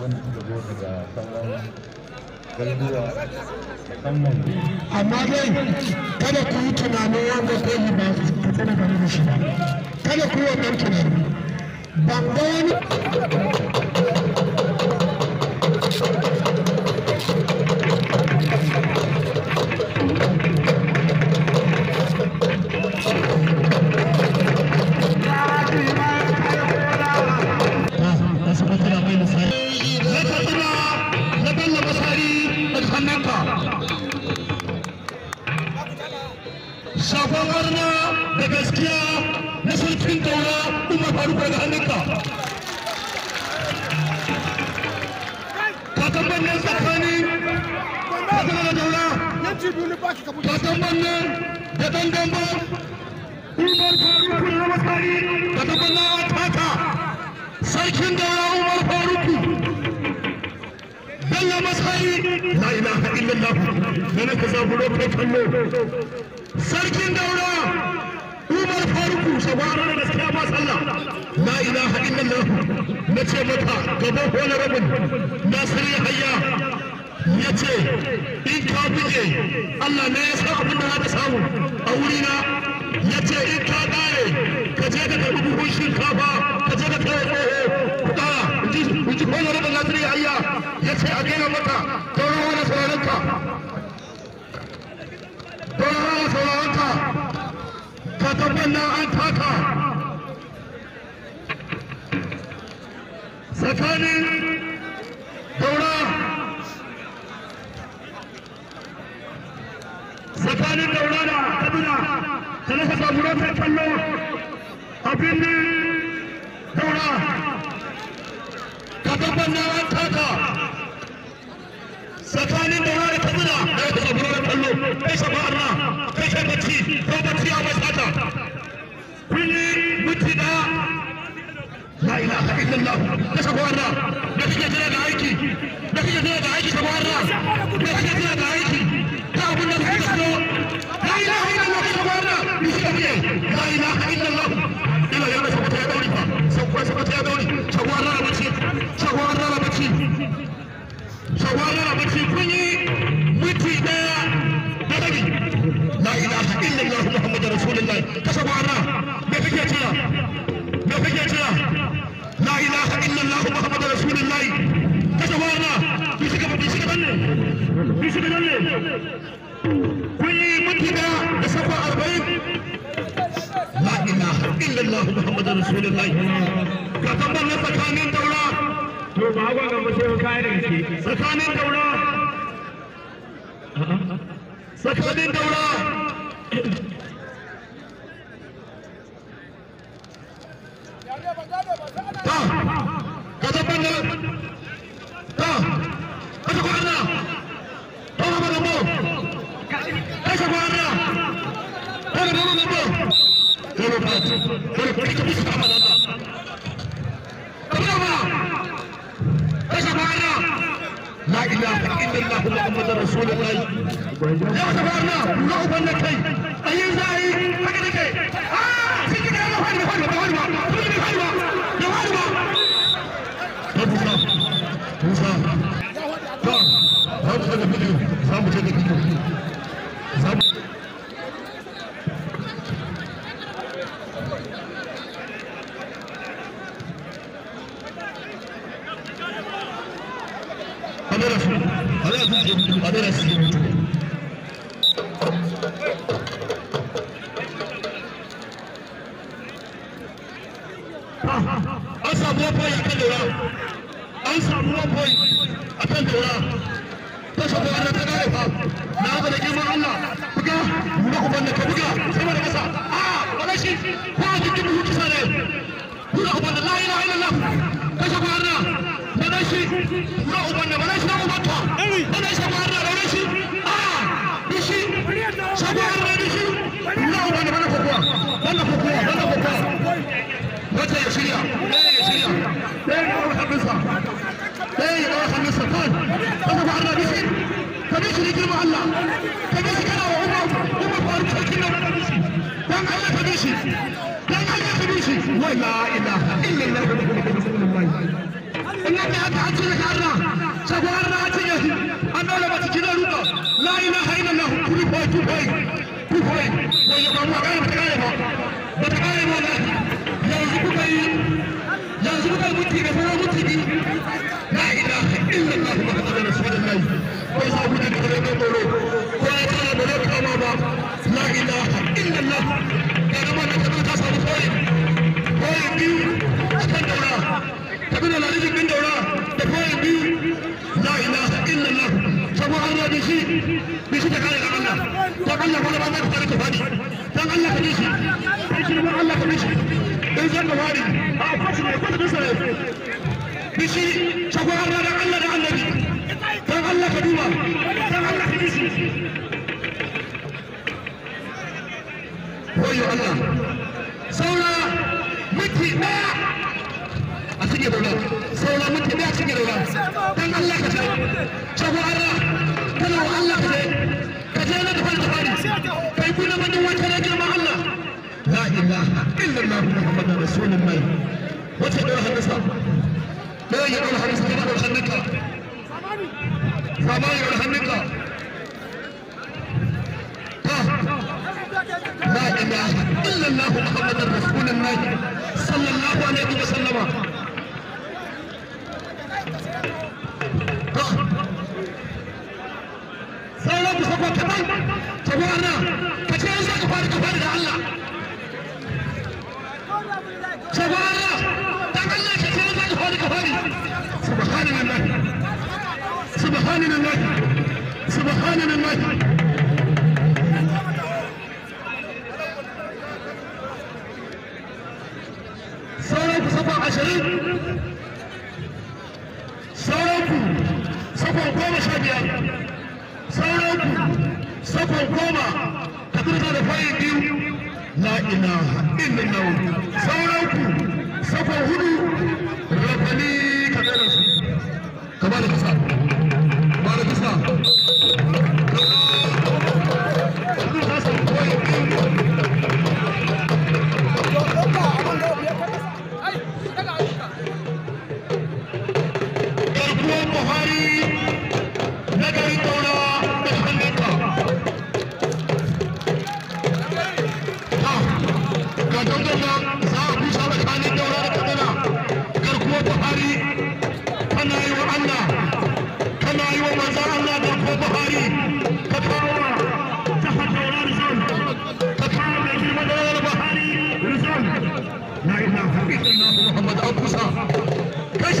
wanda suka zo daga sauran garuruwa musamman amma dai kada ku yi tunanin wanda koyi ba da shi ba kada ku yi wannan tunani ban ga wani दिया था Safalarına da gaskiya na sarkin daura Umar Faruk daga hannunka. Ka san bannan tsakani ka san daga daura. Ka san bannan da dandamba Umar Faruk na matsari ka san bannan a taka. Sarkin daura Umar Faruk. Allah masai la ilaha illallah dan ka zaburo kai kallo sarkin daura Umar Faruku sabarar da gaskiya ba sallah la ilaha illallah nace mata gaba wani rabin nasiri hayya yace in ka buge Allah ne ya san abin da za samu a wurina yace in ka dare ka je ka karbi buhun shinkafa ka je ka kai تتبنى أن تقع سكاني دورا سكاني دورة لا تبنا ثلاثة دورة تتبنى أبني kashe ma'ana me kake me bi bi kun yi minti da da ba لا اله الا الله محمد رسول الله يا شبابنا لا ابنك Madera shi na uban da da a da in yake haka an cire ka Allah shago Allah la ilaha illallah tu tu ya kare ba mata kare ba yanzu kuka yi yanzu kuka mutu da mutu bi la ilaha illallah muhammadu sa da kare ko ya da ba la ilaha illallah na ta kuna da rijikin daura da kawai biyu la ina illallah sabon an yi shi bi shi ta kare da Allah ta kalla kuma ba ta kare ta fadi dan Allah ka dishi sai shi ma Allah ka dishi dan zan ka fadi a kwashi ne kwashi ne sai bi shi sabon an yi Allah da annabi dan Allah ka duba dan Allah ka dishi koyo Allah saura miki daya a cikin sauran minti ɗaya a cikin daula dan Allah ka sai shago kana wa Allah ka sai ka je na tafari tafari kai ku na manin wata na girman Allah la ilaha illallah muhammadur rasulullah wata daura hannunsa da ya daura hannunsa kana daura hannunka sama ya hannunka لا إله إلا الله محمد رسول الله صلى الله عليه وسلم ko kaɗan tafi wannan ka ce yanzu ka fara ka da Allah ka ce yanzu ka fara subhanallahi subhanallahi subhanallahi 开始。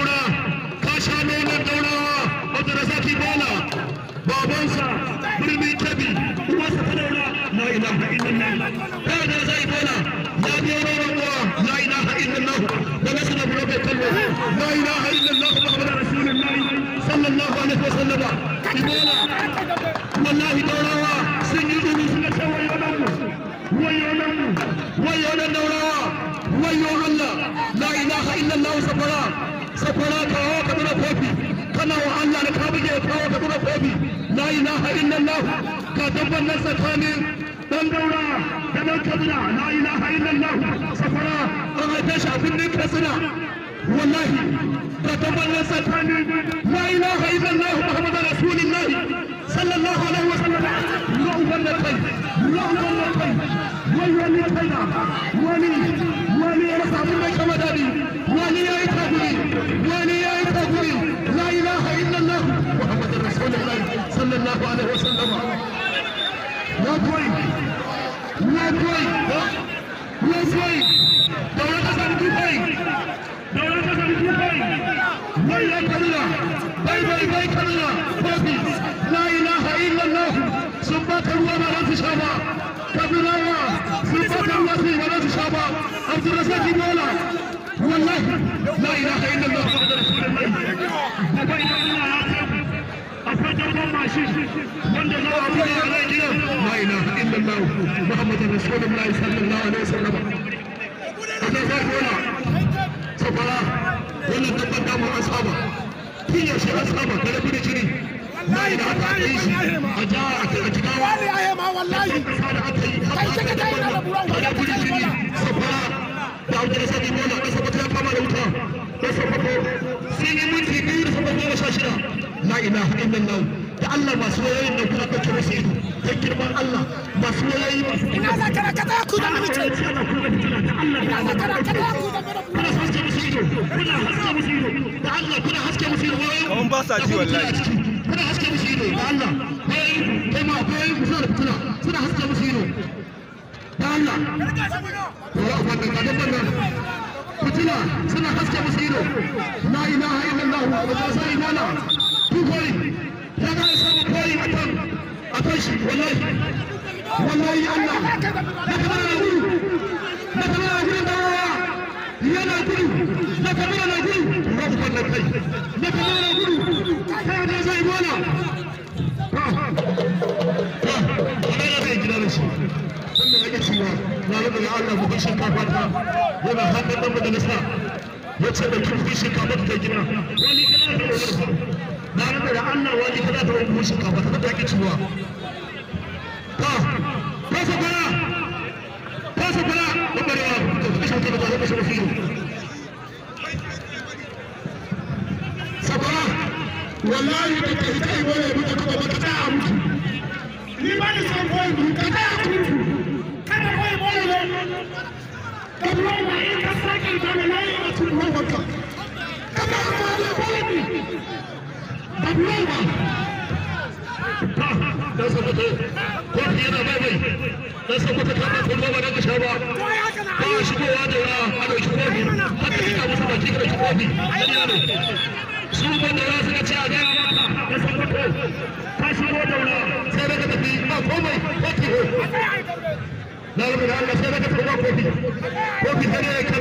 todas as bola. حتى دم الناس ثاني دم دورا لا اله الا الله سفرا اغتاش في كسرى والله قدم الناس ثاني لا اله الا الله محمد رسول الله صلى الله عليه وسلم اللهم لكي اللهم لكي ولي خيرا ولي ولي رفع منك مداري ولي يتغني ولي يتغني لا اله الا الله محمد رسول الله صلى الله عليه وسلم والله لا اله الا الله shi wanda za a ku a ilaha illallah da Allah masu wayoyin da kuma kake musu ido ta girman Allah masu wayoyi ina za ka raka ta ku da mace ina za ka raka ta ku da mace kuna haske musu ido kuna haske musu ido da Allah kuna haske musu ido wayoyin kun ba sa ji wallahi kuna haske musu ido da Allah wayoyin kai ma wayoyin ku da fitila suna haske musu ido da Allah wannan kadan wannan fitila suna haske musu ido la ilaha illallah wa la ilaha illallah tukoi akwai Allah na na da na kamar na na kamar na na kafa ta yana hannun nan majalisa ya da kin bishin ta gina wani kana da wani na rantsa da Allah wani ta ta wani bushin ka ta ta ki ciwa ta fasa kwana fasa kwana ɓangarewa ta fi shi mutum ta fi shi sabara wallahi da ta hita yi wani mutu kuma ba ta ta a mutu ni ba ni san koyi mu ka ta a mutu kada koyi koyi ne da kuma ma in ka sake ta na yi a cikin mafarka kada ka ma da koyi dan sabato ko yana bai bai dan sabato ta ba kuma ba dan ba da a dauki kofi haka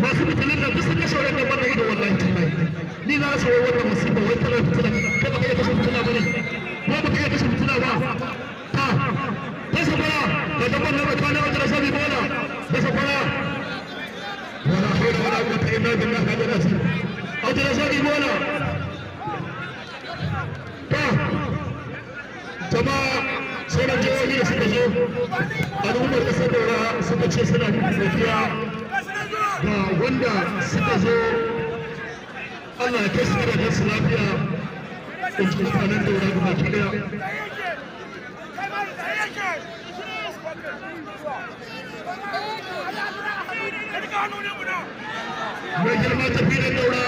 musu kofi da da da da ni na so wannan musiba wai tana fitina ko baka yi kashe fitina bane ko baka yi kashe fitila ba ta ta sabara da dabban na baka na wata sabi bola ta sabara wala hawla wala quwwata illa billah hada A wata sabi bola ta jama'a sauran jihohi da suka zo al'ummar kasar daura suka ce suna godiya ga wanda suka zo Allah ya kai lafiya da mutanen da wani baki daya mai girma tafiyar daura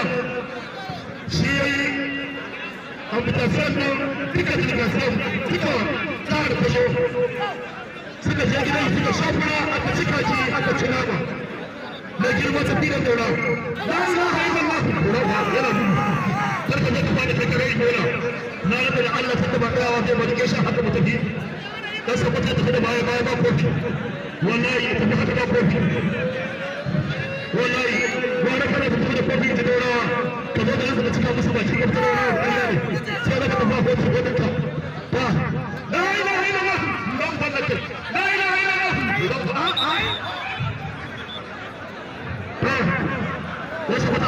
shi ya yi amfutasen nan duka jirgasen jihar kuso suka je gidan suka shafura aka cika aka Mai girma ta tilan daura la ilaha illallah daura ba yana gudu kar ka je ka fada kai kare daura na rabu da Allah ta taba dawa sai ba dake shi haka mu tafi dan sa kwata ta da baya baya ba kofi wallahi ta ta haka ba kofi wallahi wanda kana ta da kofi cika musu baki ka daura wallahi sai da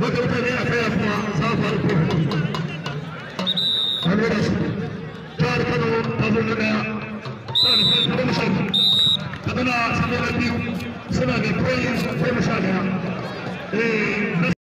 Bakın tabii efendim zafer kurmuş. Anladınız mı? Tarkan o pazarlara tarifin kurmuşum. Kadına sana bir sana bir koyun kurmuşum ya. Ee,